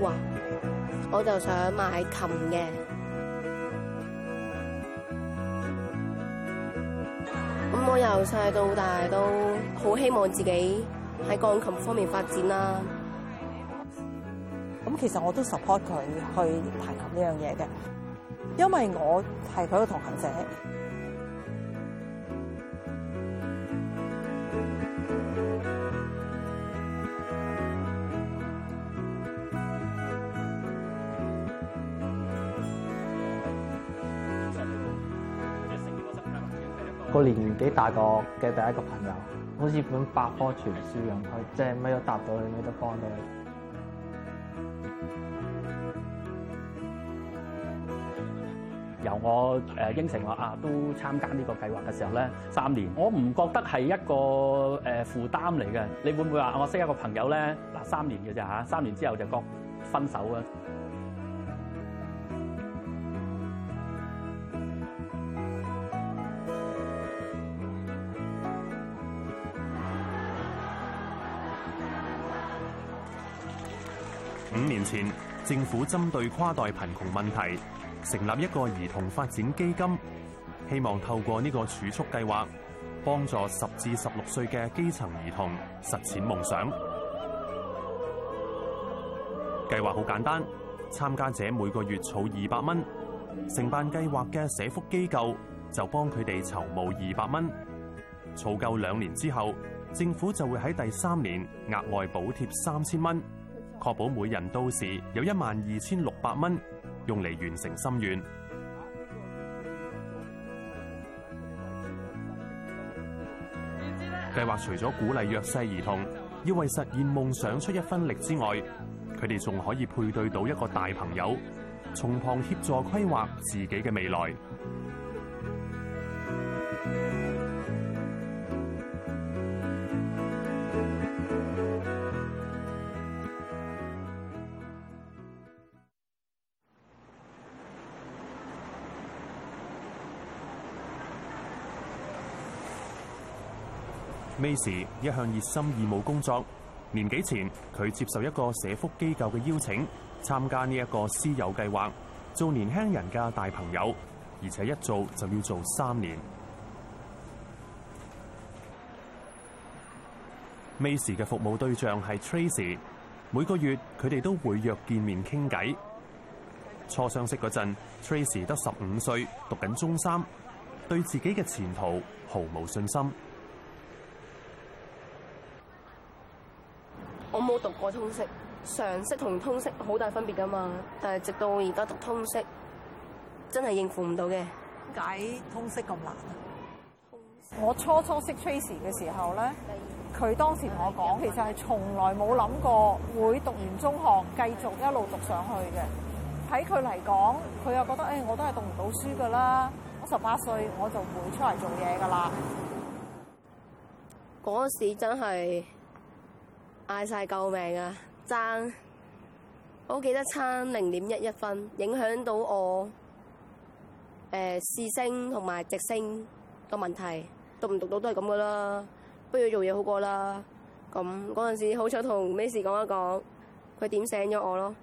哇！我就想買琴嘅。咁我由細到大都好希望自己喺鋼琴方面發展啦、啊。咁其實我都 support 佢去彈琴呢樣嘢嘅，因為我係佢個同行者。年紀大過嘅第一個朋友，好似本百科全書咁，即係乜都答到你，乜都幫到你。由我誒應承話啊，都參加呢個計劃嘅時候咧，三年我唔覺得係一個誒負擔嚟嘅。你會唔會話我識一個朋友咧？嗱，三年嘅咋？嚇，三年之後就各分手啊！五年前，政府針對跨代貧窮問題，成立一個兒童發展基金，希望透過呢個儲蓄計劃，幫助十至十六歲嘅基層兒童實踐夢想。計劃好簡單，參加者每個月儲二百蚊，承辦計劃嘅社福機構就幫佢哋籌募二百蚊，儲夠兩年之後，政府就會喺第三年額外補貼三千蚊。確保每人到時有一萬二千六百蚊用嚟，完成心願。計劃除咗鼓勵弱勢兒童要為實現夢想出一分力之外，佢哋仲可以配對到一個大朋友，從旁協助規劃自己嘅未來。Macy 一向熱心義務工作，年幾前佢接受一個社福機構嘅邀請，參加呢一個師友計劃，做年輕人嘅大朋友，而且一做就要做三年。Macy 嘅服務對象係 Tracey，每個月佢哋都會約見面傾偈。初相識嗰陣，Tracey 得十五歲，讀緊中三，對自己嘅前途毫無信心。讀過通識，常識同通識好大分別噶嘛？但係直到我而家讀通識，真係應付唔到嘅。點解通識咁難？我初初識 Tracy 嘅時候咧，佢、嗯、當時同我講，嗯、其實係從來冇諗過會讀完中學，繼續一路讀上去嘅。喺佢嚟講，佢又覺得誒、哎，我都係讀唔到書噶啦，我十八歲我就會出嚟做嘢噶啦。嗰時真係。嗌晒救命啊！爭，我記得差零點一一分，影響到我誒，試升同埋直升嘅問題，讀唔讀到都係咁噶啦，不如做嘢好過啦。咁嗰陣時好彩同 Miss 講一講，佢點醒咗我咯。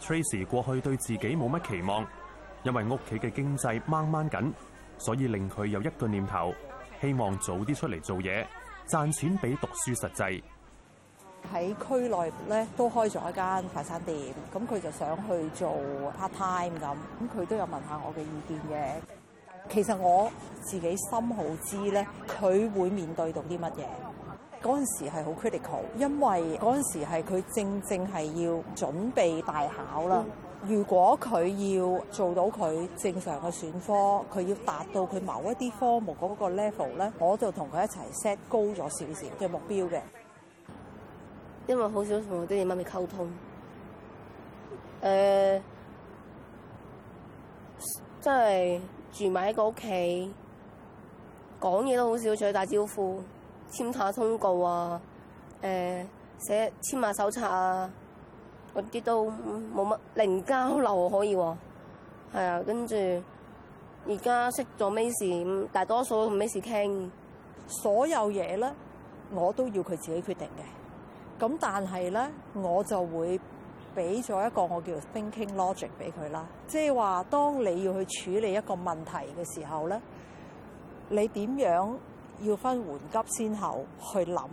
Tracy 過去對自己冇乜期望，因為屋企嘅經濟掹掹緊，所以令佢有一個念頭。希望早啲出嚟做嘢，賺錢俾讀書實際。喺區內咧都開咗一間快餐店，咁佢就想去做 part time 咁，咁佢都有問下我嘅意見嘅。其實我自己心好知咧，佢會面對到啲乜嘢。嗰陣時係好 critical，因為嗰陣時係佢正正係要準備大考啦。如果佢要做到佢正常嘅選科，佢要達到佢某一啲科目嗰個 level 咧，我就同佢一齊 set 高咗少少嘅目標嘅。因為好少同我爹哋媽咪溝通，誒、呃，即係住埋一個屋企，講嘢都好少，除咗打招呼、簽下通告啊，誒、呃，寫簽下手冊啊。嗰啲都冇乜零交流可以喎、啊，係啊，跟住而家識咗 Miss，大多數同 Miss 傾，所有嘢咧，我都要佢自己決定嘅。咁但係咧，我就會俾咗一個我叫 thinking logic 俾佢啦，即係話當你要去處理一個問題嘅時候咧，你點樣要分緩急先後去諗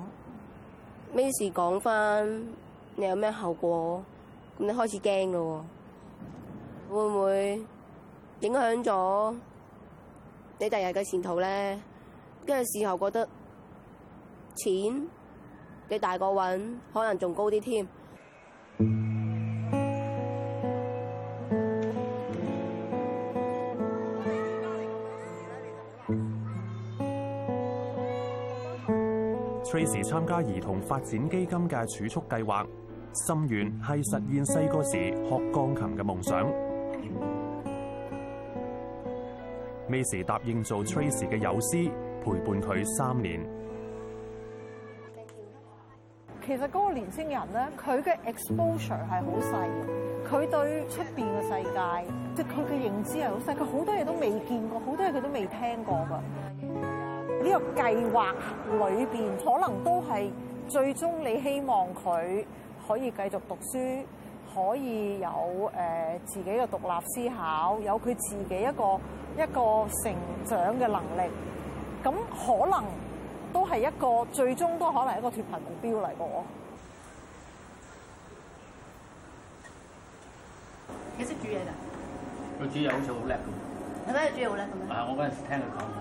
Miss 講翻？你有咩後果？咁你開始驚咯，會唔會影響咗你第日嘅前途咧？跟住事後覺得錢，你大個搵可能仲高啲添。Missy 參加兒童發展基金嘅儲蓄計劃，心願係實現細個時學鋼琴嘅夢想。Missy 答應做 Trace 嘅友師，陪伴佢三年。其實嗰個年青人咧，佢嘅 exposure 係好細，佢對出邊嘅世界，即係佢嘅認知係好細，佢好多嘢都未見過，好多嘢佢都未聽過噶。呢個計劃裏邊，可能都係最終你希望佢可以繼續讀書，可以有誒、呃、自己嘅獨立思考，有佢自己一個一個成長嘅能力。咁可能都係一個最終都可能一個脫貧目標嚟嘅喎。佢煮嘢噶，佢煮嘢好似好叻咁。係咪煮嘢好叻咁啊？啊！我嗰陣時聽佢講。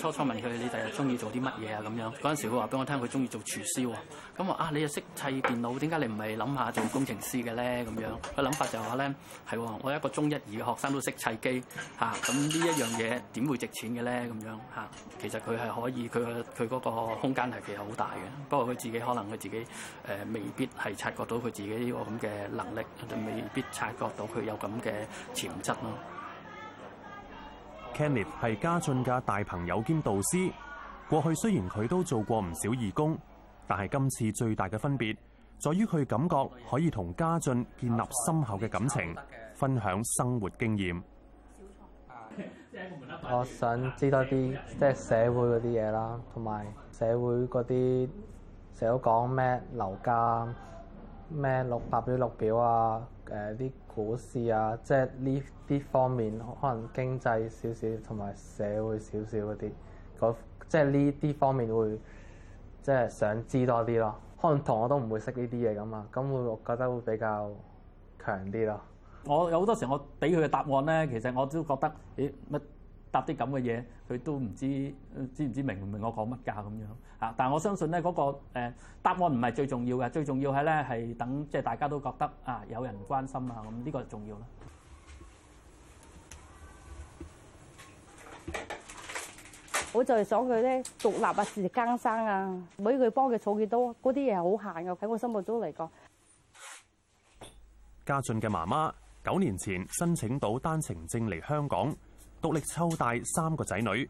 初初問佢：你第日中意做啲乜嘢啊？咁樣嗰陣時，佢話俾我聽，佢中意做廚師。咁話啊，你又識砌電腦，點解你唔係諗下做工程師嘅咧？咁樣個諗法就係話咧，係我一個中一二嘅學生都識砌機嚇，咁、啊、呢一樣嘢點東西會值錢嘅咧？咁樣嚇，其實佢係可以，佢佢嗰個空間係其實好大嘅。不過佢自己可能佢自己誒、呃、未必係察覺到佢自己呢個咁嘅能力，佢就未必察覺到佢有咁嘅潛質咯。Kenneth 係嘉俊嘅大朋友兼導師。過去雖然佢都做過唔少義工，但係今次最大嘅分別，在於佢感覺可以同嘉俊建立深厚嘅感情，分享生活經驗。我想知多啲，即係社會嗰啲嘢啦，同埋社會嗰啲成日都講咩樓價，咩六百表、六表啊，誒啲。股市啊，即係呢啲方面可能經濟少少，同埋社會少少嗰啲，即係呢啲方面會即係、就是、想知多啲咯。可能同學都唔會識呢啲嘢噶嘛，咁我覺得會比較強啲咯。我有好多時我俾佢嘅答案咧，其實我都覺得，咦乜？答啲咁嘅嘢，佢都唔知，知唔知明唔明我講乜架咁樣啊？但係我相信咧，嗰個誒答案唔係最重要嘅，最重要係咧係等即係大家都覺得啊有人關心啊咁，呢個重要啦。我就係想佢咧獨立啊，自力更生啊，唔會佢幫佢儲幾多，嗰啲嘢係好閒嘅喺我心目中嚟講。家俊嘅媽媽九年前申請到單程證嚟香港。獨力抽帶三個仔女，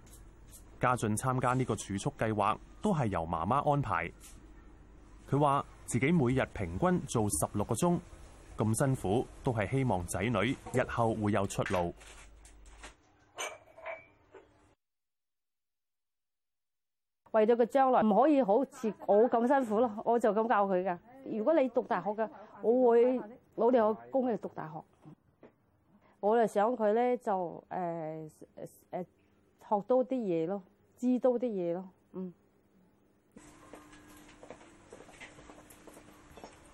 家俊參加呢個儲蓄計劃都係由媽媽安排。佢話自己每日平均做十六個鐘，咁辛苦都係希望仔女日後會有出路為的將。為咗佢將來唔可以好似我咁辛苦咯，我就咁教佢噶。如果你讀大學噶，我會努力去供你讀大學。我哋想佢咧，就誒誒、呃呃、學學多啲嘢咯，知多啲嘢咯，嗯。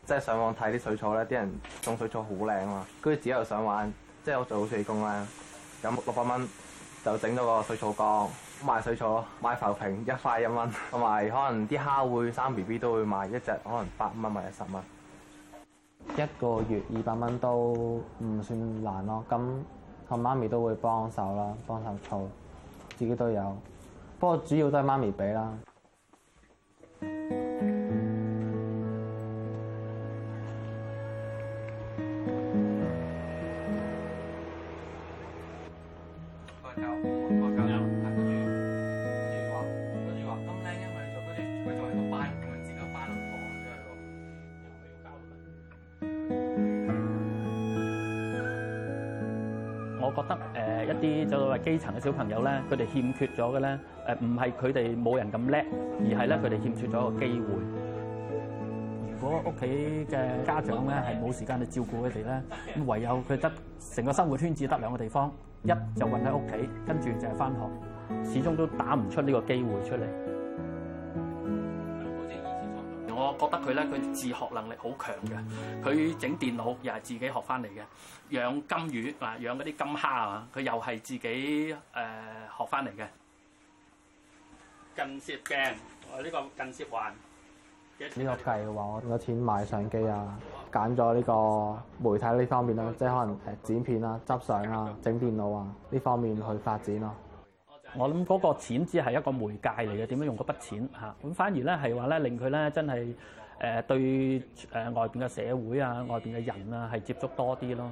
即係上網睇啲水草咧，啲人種水草好靚啊嘛，跟住自己又想玩，即係我做水工咧，有六百蚊就整咗個水草缸，賣水草，賣浮萍一塊一蚊，同埋可能啲蝦會生 B B 都會賣一隻，可能八蚊或者十蚊。一個月二百蚊都唔算難咯，咁同媽咪都會幫手啦，幫手儲，自己都有，不過主要都係媽咪俾啦。我覺得誒一啲就係話基層嘅小朋友咧，佢哋欠缺咗嘅咧，誒唔係佢哋冇人咁叻，而係咧佢哋欠缺咗個機會。如果屋企嘅家長咧係冇時間去照顧佢哋咧，咁唯有佢得成個生活圈子得兩個地方，一就困喺屋企，跟住就係返學，始終都打唔出呢個機會出嚟。覺得佢咧，佢自學能力好強嘅。佢整電腦又係自己學翻嚟嘅，養金魚啊，養嗰啲金蝦啊，佢又係自己誒、呃、學翻嚟嘅。近攝鏡，呢個近攝環。呢個計嘅話，我用錢買相機啊，揀咗呢個媒體呢方面啦，即係可能剪片啦、執相啊、整電腦啊呢方面去發展咯。我諗嗰個錢只係一個媒介嚟嘅，點樣用嗰筆錢嚇？咁反而咧係話咧令佢咧真係誒對誒外邊嘅社會啊、外邊嘅人啊係接觸多啲咯。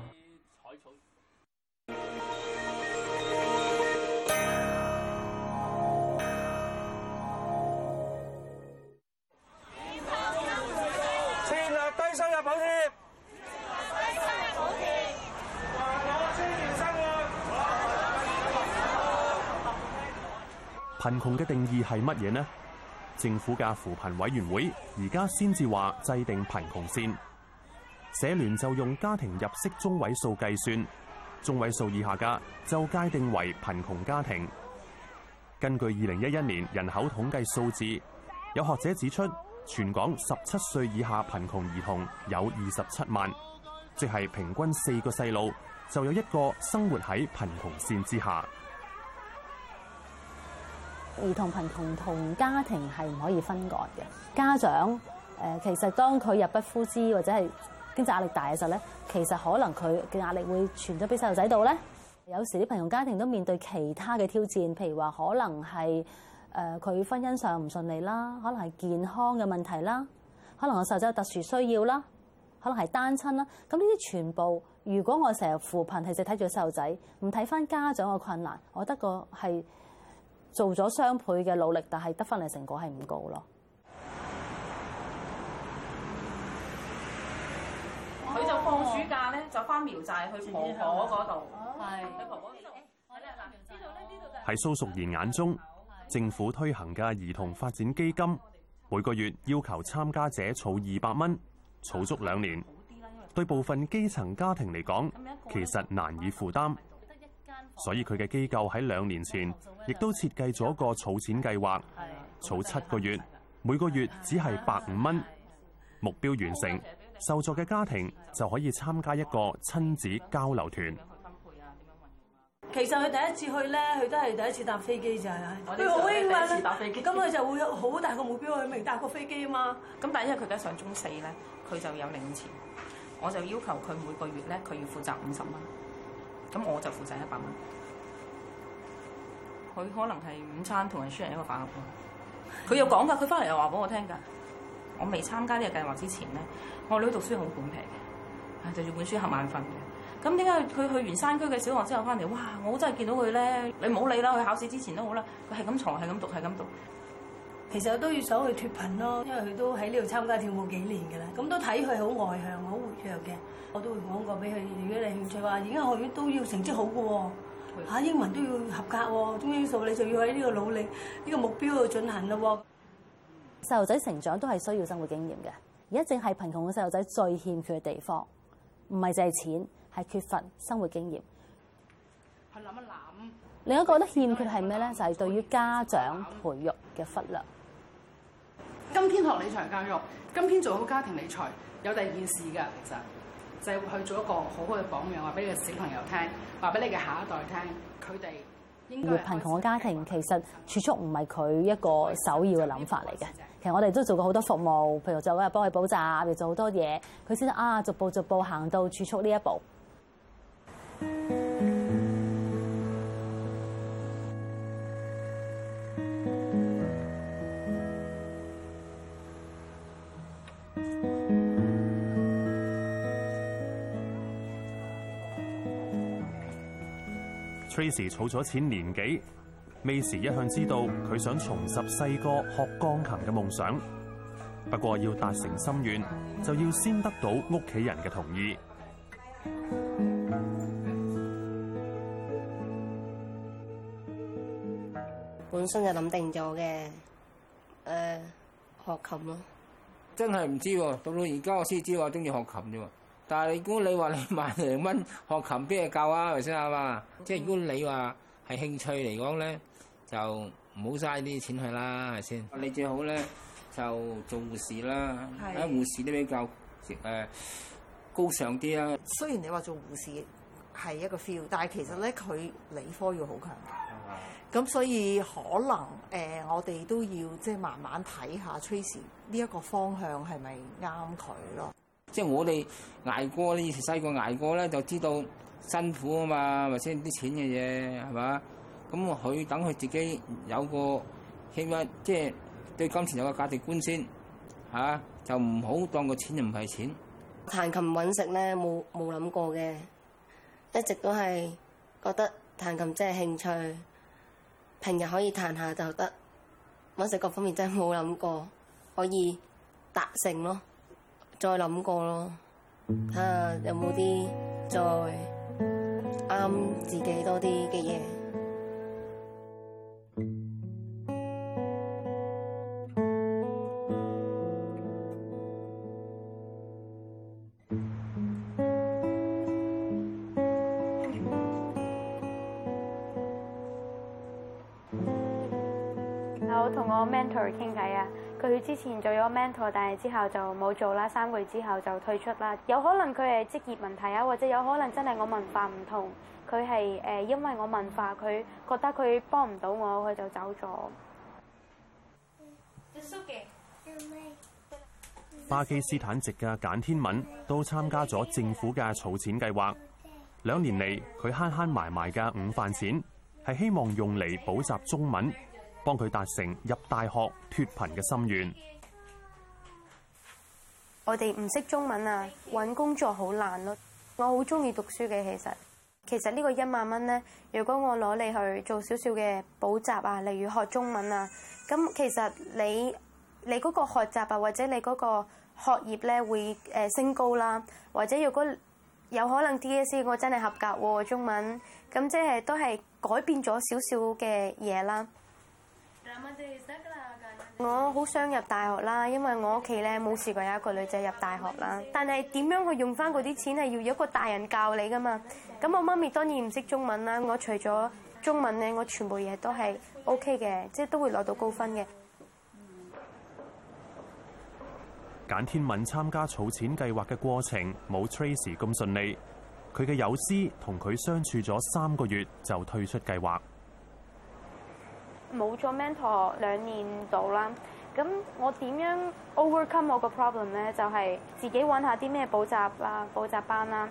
貧窮嘅定義係乜嘢呢？政府嘅扶貧委員會而家先至話制定貧窮線，社聯就用家庭入息中位數計算，中位數以下嘅就界定為貧窮家庭。根據二零一一年人口統計數字，有學者指出，全港十七歲以下貧窮兒童有二十七萬，即係平均四個細路就有一個生活喺貧窮線之下。兒童貧窮同家庭係唔可以分割嘅。家長、呃、其實當佢入不敷支或者係經濟壓力大嘅時候咧，其實可能佢嘅壓力會傳咗俾細路仔度咧。有時啲貧窮家庭都面對其他嘅挑戰，譬如話可能係佢、呃、婚姻上唔順利啦，可能係健康嘅問題啦，可能個細路仔有特殊需要啦，可能係單親啦。咁呢啲全部，如果我成日扶貧係只睇住細路仔，唔睇翻家長嘅困難，我覺得個係。做咗雙倍嘅努力，但係得翻嚟成果係唔高咯。佢就放暑假咧，就翻苗寨去婆婆嗰度。係。喺蘇淑賢眼中，政府推行嘅兒童發展基金，每個月要求參加者儲二百蚊，儲足兩年，對部分基層家庭嚟講，其實難以負擔。所以佢嘅機構喺兩年前，亦都設計咗個儲錢計劃，儲七個月，每個月只係百五蚊，目標完成，受助嘅家庭就可以參加一個親子交流團。其實，佢第一次去咧，佢都係第一次搭飛機咋。佢搭飛機。咁佢就會有好大嘅目標去，未搭過飛機啊嘛。咁但因為佢都上中四咧，佢就有零用錢，我就要求佢每個月咧，佢要負責五十蚊。咁我就負責一百蚊，佢可能係午餐同人 share 一個飯盒，佢有講噶，佢翻嚟又話俾我聽噶。我未參加呢個計劃之前咧，我女讀書好本皮嘅，就住本書瞌眼瞓嘅。咁點解佢去完山區嘅小學之後翻嚟，哇！我真係見到佢咧，你唔好理啦。佢考試之前都好啦，佢係咁坐，係咁讀，係咁讀。其實我都要想去脫貧咯，因為佢都喺呢度參加跳舞幾年嘅啦，咁都睇佢好外向，好活躍嘅。我都會講過俾佢，如果你興趣話，而家學院都要成績好嘅喎，嚇英文都要合格喎，中英數你就要喺呢個努力，呢、呢個目標度進行咯喎。細路仔成長都係需要生活經驗嘅，而家正係貧窮嘅細路仔最欠缺嘅地方，唔係就係錢，係缺乏生活經驗。去諗一諗。另外一個覺得欠缺係咩咧？就係、是、對於家長培育嘅忽略。天學理財教育，今天做好家庭理財，有第二件事㗎，其實就係去做一個好好嘅榜樣，話俾個小朋友聽，話俾你嘅下一代聽，佢哋。貧窮嘅家庭其實儲蓄唔係佢一個首要嘅諗法嚟嘅。其實我哋都做過好多服務，譬如就幫佢補習，亦做好多嘢，佢先得啊，逐步逐步行到儲蓄呢一步。Tracy 儲咗錢年幾，Miss 一向知道佢想重拾細個學鋼琴嘅夢想，不過要達成心願，就要先得到屋企人嘅同意。本身就諗定咗嘅，誒、呃，學琴咯。真係唔知喎，到到而家我先知道我中意學琴啫。但係，如果你話你萬零蚊學琴邊度夠啊？係咪先啊嘛？Mm hmm. 即係如果你話係興趣嚟講咧，就唔好嘥啲錢去啦，係咪先？Mm hmm. 你最好咧就做護士啦，啲 護士都比較誒、呃、高尚啲啦。雖然你話做護士係一個 feel，但係其實咧佢理科要好強嘅。咁、mm hmm. 所以可能誒、呃，我哋都要即係慢慢睇下趨勢呢一個方向係咪啱佢咯。即係我哋捱過啲以前細個捱過咧，就知道辛苦啊嘛，咪先啲錢嘅嘢係嘛？咁佢等佢自己有個希望，即係對金錢有個價值觀先嚇，啊，就唔好當個錢就唔係錢。彈琴揾食咧，冇冇諗過嘅，一直都係覺得彈琴真係興趣，平日可以彈下就得，揾食各方面真係冇諗過可以達成咯。再諗過咯，睇下有冇啲再啱自己多啲嘅嘢。之前做咗 mentor，但係之後就冇做啦。三個月之後就退出啦。有可能佢係職業問題啊，或者有可能真係我文化唔同，佢係誒因為我文化，佢覺得佢幫唔到我，佢就走咗。巴基斯坦籍嘅簡天文都參加咗政府嘅儲錢計劃。兩年嚟，佢慳慳埋埋嘅午飯錢，係希望用嚟補習中文。幫佢達成入大學脫貧嘅心願。我哋唔識中文啊，搵工作好難咯。我好中意讀書嘅，其實其實呢個一萬蚊咧，如果我攞你去做少少嘅補習啊，例如學中文啊，咁其實你你嗰個學習啊，或者你嗰個學業咧會誒升高啦，或者如果有可能 DSE 我真係合格中文，咁即係都係改變咗少少嘅嘢啦。我好想入大學啦，因為我屋企咧冇試過有一個女仔入大學啦。但係點樣去用翻嗰啲錢係要有一個大人教你噶嘛。咁我媽咪當然唔識中文啦。我除咗中文咧，我全部嘢都係 OK 嘅，即係都會攞到高分嘅。簡天敏參加儲錢計劃嘅過程冇 Tracy 咁順利，佢嘅友師同佢相處咗三個月就退出計劃。冇咗 mentor 兩年度啦，咁我點樣 overcome 我個 problem 咧？就係、是、自己揾下啲咩補習啦、補習班啦。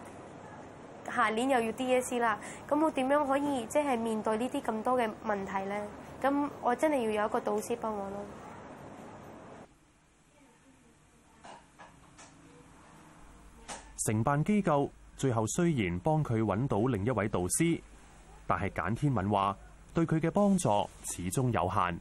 下年又要 DSE 啦，咁我點樣可以即係面對呢啲咁多嘅問題咧？咁我真係要有一個導師幫我咯。承辦機構最後雖然幫佢揾到另一位導師，但係簡天敏話。對佢嘅幫助始終有限。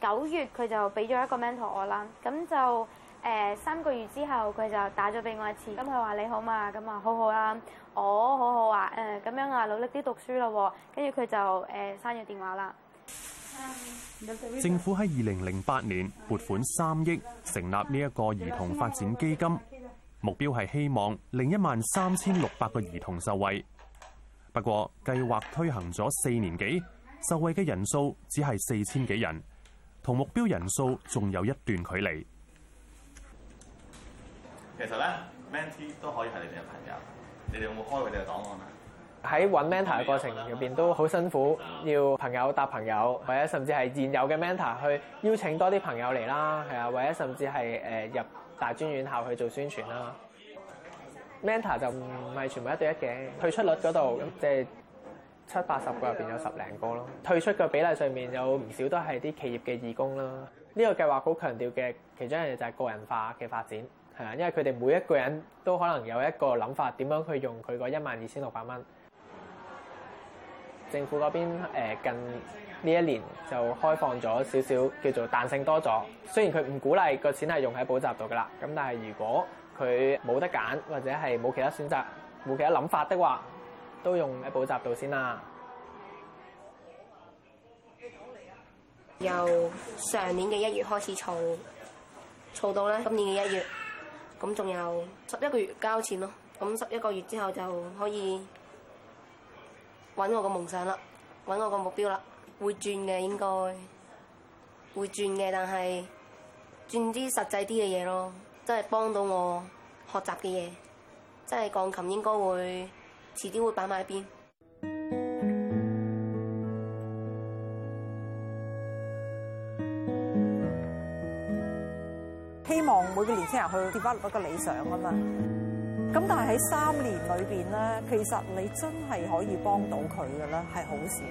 九月佢就俾咗一個 mentor 我啦，咁就誒三個月之後佢就打咗俾我一次，咁佢話，你好嘛？咁啊好好啦，我好好啊，誒咁樣啊，努力啲讀書咯，跟住佢就誒刪咗電話啦。政府喺二零零八年撥款三億成立呢一個兒童發展基金，目標係希望令一萬三千六百個兒童受惠。不過計劃推行咗四年幾，受惠嘅人數只係四千幾人，同目標人數仲有一段距離。其實咧 mentor 都可以係你哋嘅朋友，你哋有冇開佢哋嘅檔案啊？喺揾 mentor 嘅過程入邊都好辛苦，實要朋友搭朋友，或者甚至係現有嘅 mentor 去邀請多啲朋友嚟啦，係啊，或者甚至係誒入大專院校去做宣傳啦。Mentor 就唔係全部一對一嘅退出率嗰度，即係七八十個入邊有十零個咯。退出嘅比例上面有唔少都係啲企業嘅義工啦。呢個計劃好強調嘅其中一樣嘢就係個人化嘅發展，係啊，因為佢哋每一個人都可能有一個諗法，點樣去用佢個一萬二千六百蚊。政府嗰邊近呢一年就開放咗少少叫做彈性多咗，雖然佢唔鼓勵個錢係用喺補習度噶啦，咁但係如果佢冇得揀，或者係冇其他選擇，冇其他諗法的話，都用喺補習度先啦。由上年嘅一月開始儲，儲到咧今年嘅一月，咁仲有十一個月交錢咯。咁十一個月之後就可以揾我個夢想啦，揾我個目標啦，會轉嘅，應該會轉嘅，但係轉啲實際啲嘅嘢咯。真係幫到我學習嘅嘢，真係鋼琴應該會遲啲會擺埋一邊。希望每個年輕人去 develop 一個理想啊嘛。咁但係喺三年裏邊咧，其實你真係可以幫到佢嘅咧，係好少。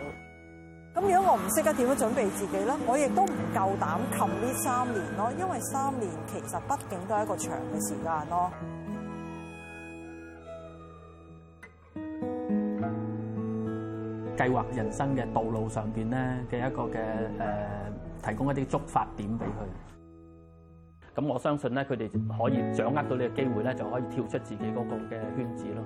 咁如果我唔識得點樣準備自己咧，我亦都唔夠膽冚呢三年咯，因為三年其實畢竟都係一個長嘅時間咯。計劃人生嘅道路上面咧嘅一個嘅、呃、提供一啲觸發點俾佢。咁我相信咧，佢哋可以掌握到呢個機會咧，就可以跳出自己嗰個嘅圈子咯。